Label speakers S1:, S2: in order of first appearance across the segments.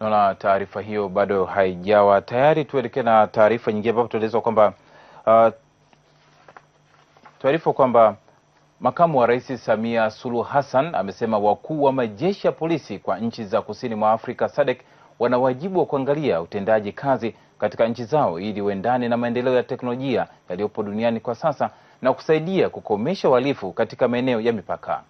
S1: Naona taarifa hiyo bado haijawa tayari. Tuelekee na taarifa nyingine ambapo tunaelezwa kwamba uh, taarifa kwamba makamu wa rais Samia Suluhu Hassan amesema wakuu wa majeshi ya polisi kwa nchi za kusini mwa Afrika SADC wana wajibu wa kuangalia utendaji kazi katika nchi zao ili uendane na maendeleo ya teknolojia yaliyopo duniani kwa sasa na kusaidia kukomesha uhalifu katika maeneo ya mipaka.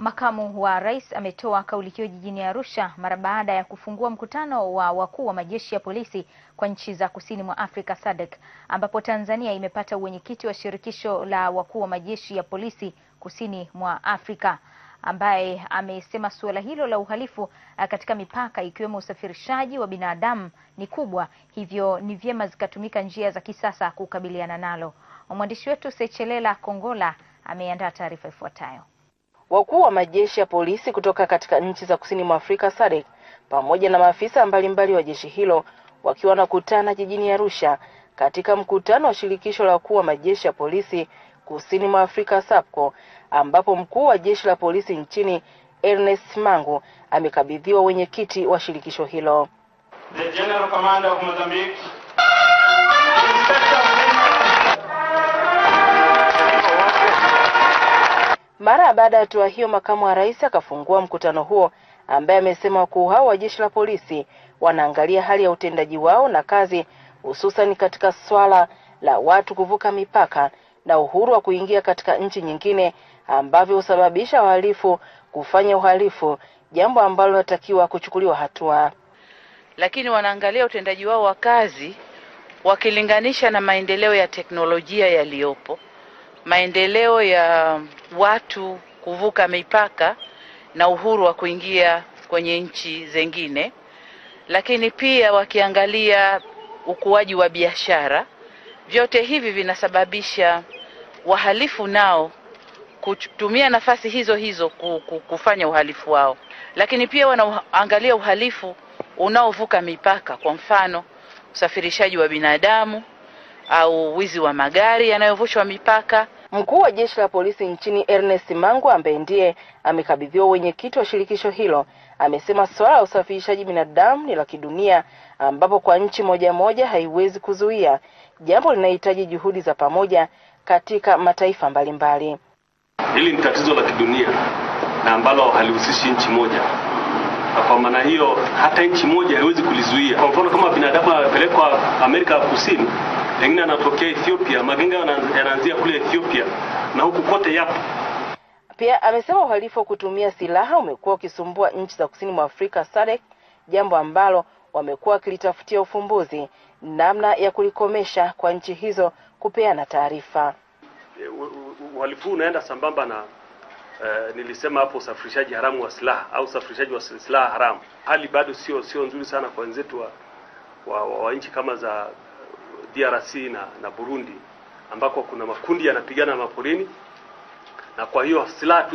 S2: Makamu wa Rais ametoa kauli hiyo jijini Arusha mara baada ya kufungua mkutano wa wakuu wa majeshi ya polisi kwa nchi za Kusini mwa Afrika SADC ambapo Tanzania imepata uwenyekiti wa shirikisho la wakuu wa majeshi ya polisi Kusini mwa Afrika ambaye amesema suala hilo la uhalifu eh, katika mipaka ikiwemo usafirishaji wa binadamu ni kubwa, hivyo ni vyema zikatumika njia za kisasa kukabiliana nalo. Mwandishi wetu Sechelela Kongola ameandaa taarifa ifuatayo. Wakuu wa majeshi ya polisi kutoka katika nchi za kusini mwa Afrika SADC pamoja na maafisa mbalimbali wa jeshi hilo wakiwa wanakutana jijini Arusha katika mkutano wa shirikisho la wakuu wa majeshi ya polisi kusini mwa Afrika SAPCO, ambapo mkuu wa jeshi la polisi nchini Ernest Mangu amekabidhiwa wenyekiti wa shirikisho hilo. The General Commander of Mozambique Mara baada ya hatua hiyo, makamu wa rais akafungua mkutano huo ambaye amesema wakuu hao wa jeshi la polisi wanaangalia hali ya utendaji wao na kazi, hususan katika swala la watu kuvuka mipaka na uhuru wa kuingia katika nchi nyingine ambavyo husababisha wahalifu kufanya uhalifu, jambo ambalo linatakiwa kuchukuliwa hatua.
S3: Lakini wanaangalia utendaji wao wa kazi wakilinganisha na maendeleo ya teknolojia yaliyopo maendeleo ya watu kuvuka mipaka na uhuru wa kuingia kwenye nchi zingine, lakini pia wakiangalia ukuaji wa biashara. Vyote hivi vinasababisha wahalifu nao kutumia nafasi hizo hizo kufanya uhalifu wao, lakini pia wanaangalia uhalifu unaovuka mipaka, kwa mfano usafirishaji wa binadamu au wizi wa magari yanayovushwa mipaka.
S2: Mkuu wa jeshi la polisi nchini Ernest Mangu ambaye ndiye amekabidhiwa wenyekiti wa shirikisho hilo, amesema suala la usafirishaji binadamu ni la kidunia, ambapo kwa nchi moja moja haiwezi kuzuia, jambo linahitaji juhudi za pamoja katika mataifa mbalimbali.
S4: Hili ni tatizo la kidunia na ambalo halihusishi nchi moja, na kwa maana hiyo hata nchi moja haiwezi kulizuia. Kwa mfano kama Amerika ya Kusini, pengine anatokea Ethiopia, magenge yanaanzia kule Ethiopia na huku kote yapo.
S2: Pia amesema uhalifu wa kutumia silaha umekuwa ukisumbua nchi za kusini mwa Afrika SADC, jambo ambalo wamekuwa wakilitafutia ufumbuzi namna ya kulikomesha kwa nchi hizo kupeana taarifa.
S5: E, uhalifu huu unaenda sambamba na Uh, nilisema hapo usafirishaji haramu wa silaha au usafirishaji wa silaha haramu. Hali bado sio sio nzuri sana kwa wenzetu wa wa, wa, wa nchi kama za DRC na, na Burundi ambako kuna makundi yanapigana maporini na kwa hiyo silaha